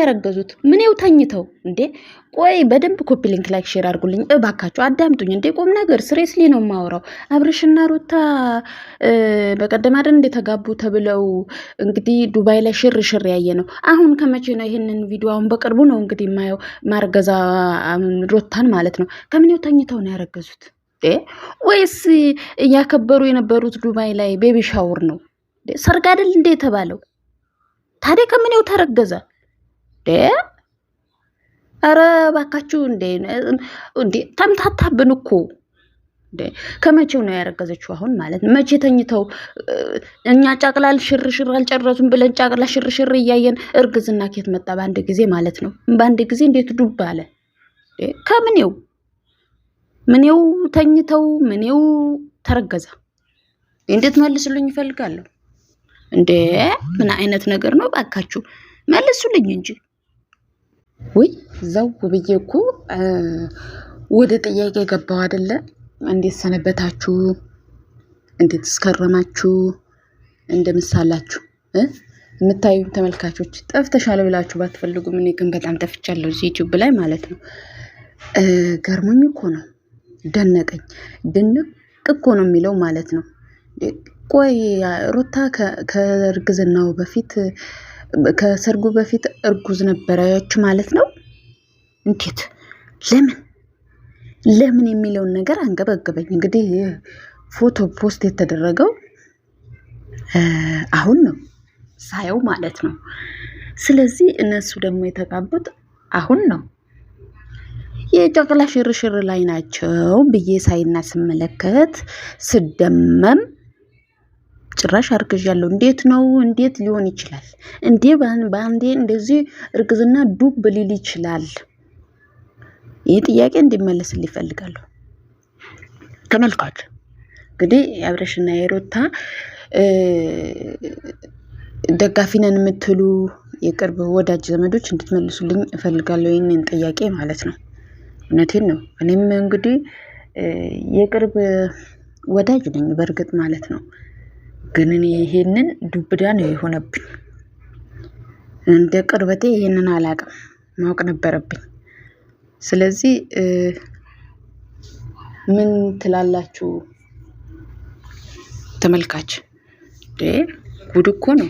ያረገዙት? ምን ይው ተኝተው እንዴ? ቆይ በደንብ ኮፒ ሊንክ ላይክ ሼር አድርጉልኝ እባካችሁ፣ አዳምጡኝ እንዴ ቁም ነገር ስሬስሊ ነው የማወራው። አብርሽና ሩታ በቀደም አይደል እንደተጋቡ ተብለው እንግዲህ ዱባይ ላይ ሽር ሽር ያየ ነው። አሁን ከመቼ ነው ይህንን ቪዲዮ? አሁን በቅርቡ ነው እንግዲህ የማየው ማርገዛ ሮታን ማለት ነው። ከምን ይው ተኝተው ነው ያረገዙት ወይስ እያከበሩ የነበሩት ዱባይ ላይ ቤቢ ሻውር ነው? ሰርግ አይደል እንዴ የተባለው ታዲያ ከምን ይው ተረገዘ? ኧረ ባካችሁ እንዴ እንዴ ተምታታብን እኮ ከመቼው ነው ያረገዘችው? አሁን ማለት መቼ ተኝተው እኛ ጫቅላል ሽርሽር አልጨረሱም ብለን ጫቅላ ሽርሽር እያየን እርግዝና ኬት መጣ? በአንድ ጊዜ ማለት ነው። በአንድ ጊዜ እንዴት ዱብ አለ? ከምኔው ምኔው ተኝተው ምኔው ተረገዘ? እንዴት መልሱልኝ ይፈልጋለሁ። እንዴ ምን አይነት ነገር ነው? ባካችሁ መልሱልኝ እንጂ ውይ ዘው ብዬ እኮ ወደ ጥያቄ ገባው አይደለ? እንዴት ሰነበታችሁ? እንዴት እስከረማችሁ? እንደምሳላችሁ የምታዩ ተመልካቾች ጠፍተሻለ ብላችሁ ባትፈልጉም እኔ ግን በጣም ጠፍቻለሁ እዚህ ዩቲዩብ ላይ ማለት ነው። ገርሞኝ እኮ ነው ደነቀኝ። ድንቅ እኮ ነው የሚለው ማለት ነው። ቆይ ሩታ ከእርግዝናው በፊት ከሰርጉ በፊት እርጉዝ ነበረች ማለት ነው። እንዴት ለምን ለምን የሚለውን ነገር አንገበገበኝ። እንግዲህ ፎቶ ፖስት የተደረገው አሁን ነው ሳየው ማለት ነው። ስለዚህ እነሱ ደግሞ የተጋቡት አሁን ነው። የጨቅላ ሽርሽር ላይ ናቸው ብዬ ሳይና ስመለከት ስደመም ጭራሽ አርግዣለሁ። እንዴት ነው እንዴት ሊሆን ይችላል እንዴ? በአንዴ እንደዚህ እርግዝና ዱብ ሊል ይችላል? ይህ ጥያቄ እንዲመለስል ይፈልጋለሁ። ተመልካች እንግዲህ የአብረሽና የሮታ ደጋፊ ነን የምትሉ የቅርብ ወዳጅ ዘመዶች እንድትመልሱልኝ እፈልጋለሁ፣ ይህንን ጥያቄ ማለት ነው። እውነቴን ነው። እኔም እንግዲህ የቅርብ ወዳጅ ነኝ በእርግጥ ማለት ነው። ግን እኔ ይሄንን ዱብዳ ነው የሆነብኝ። እንደ ቅርበቴ ይሄንን አላቅም ማወቅ ነበረብኝ። ስለዚህ ምን ትላላችሁ ተመልካች? ጉድ እኮ ነው።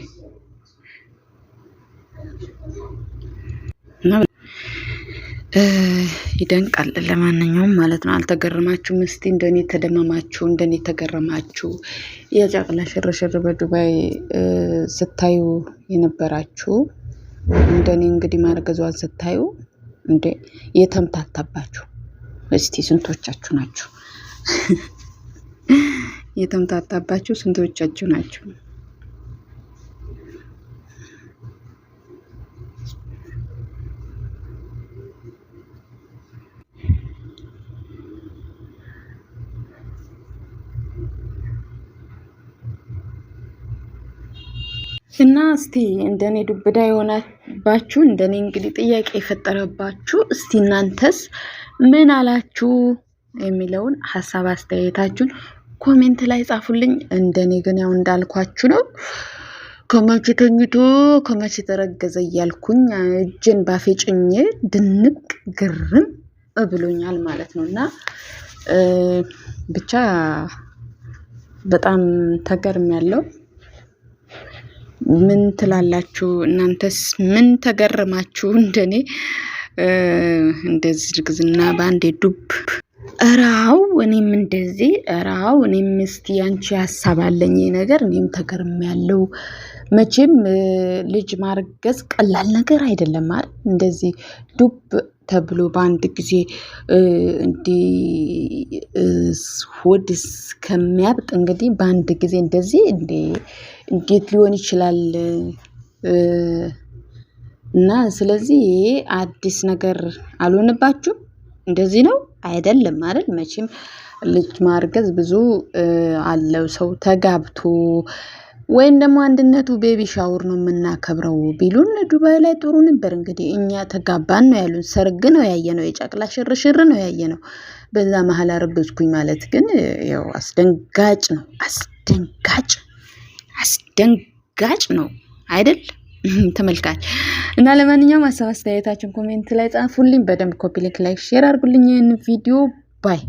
ይደንቃል። ለማንኛውም ማለት ነው አልተገረማችሁ? እስቲ እንደኔ ተደመማችሁ? እንደኔ ተገረማችሁ? የጨቅላ ሽርሽር በዱባይ ስታዩ የነበራችሁ እንደኔ እንግዲህ ማርገዟን ስታዩ እንዴ የተምታታባችሁ እስቲ ስንቶቻችሁ ናችሁ? የተምታታባችሁ ስንቶቻችሁ ናችሁ? እና እስቲ እንደኔ ዱብዳ የሆነባችሁ እንደኔ እንግዲህ ጥያቄ የፈጠረባችሁ እስቲ እናንተስ ምን አላችሁ የሚለውን ሀሳብ አስተያየታችሁን ኮሜንት ላይ ጻፉልኝ። እንደኔ ግን ያው እንዳልኳችሁ ነው። ከመቼ ተኝቶ ከመቼ ተረገዘ እያልኩኝ እጄን ባፌ ጭኜ ድንቅ ግርም ብሎኛል ማለት ነው እና ብቻ በጣም ተገርም ያለው ምን ትላላችሁ? እናንተስ ምን ተገረማችሁ? እንደኔ እንደዚህ እርግዝና በአንዴ ዱብ እራው እኔም እንደዚህ እራው እኔም እስቲ ያንቺ ሀሳብ አለኝ ነገር እኔም ተገርም ያለው መቼም ልጅ ማርገዝ ቀላል ነገር አይደለም። አይደል እንደዚህ ዱብ ተብሎ በአንድ ጊዜ እንዲህ ሆድ እስከሚያብጥ እንግዲህ በአንድ ጊዜ እንደዚህ እንዴት ሊሆን ይችላል? እና ስለዚህ ይሄ አዲስ ነገር አልሆነባችሁም? እንደዚህ ነው አይደለም አይደል? መቼም ልጅ ማርገዝ ብዙ አለው ሰው ተጋብቶ ወይም ደግሞ አንድነቱ ቤቢ ሻውር ነው የምናከብረው ቢሉን ዱባይ ላይ ጥሩ ነበር። እንግዲህ እኛ ተጋባን ነው ያሉን። ሰርግ ነው ነው፣ የጨቅላ ሽርሽር ነው ነው። በዛ መሀል አረገዝኩኝ ማለት ግን ያው አስደንጋጭ ነው። አስደንጋጭ አስደንጋጭ ነው አይደል? ተመልካች እና ለማንኛውም ሀሳብ አስተያየታችን ኮሜንት ላይ ጻፉልኝ። በደንብ ኮፒ ሊንክ፣ ላይክ፣ ሼር አድርጉልኝ ይህን ቪዲዮ ባይ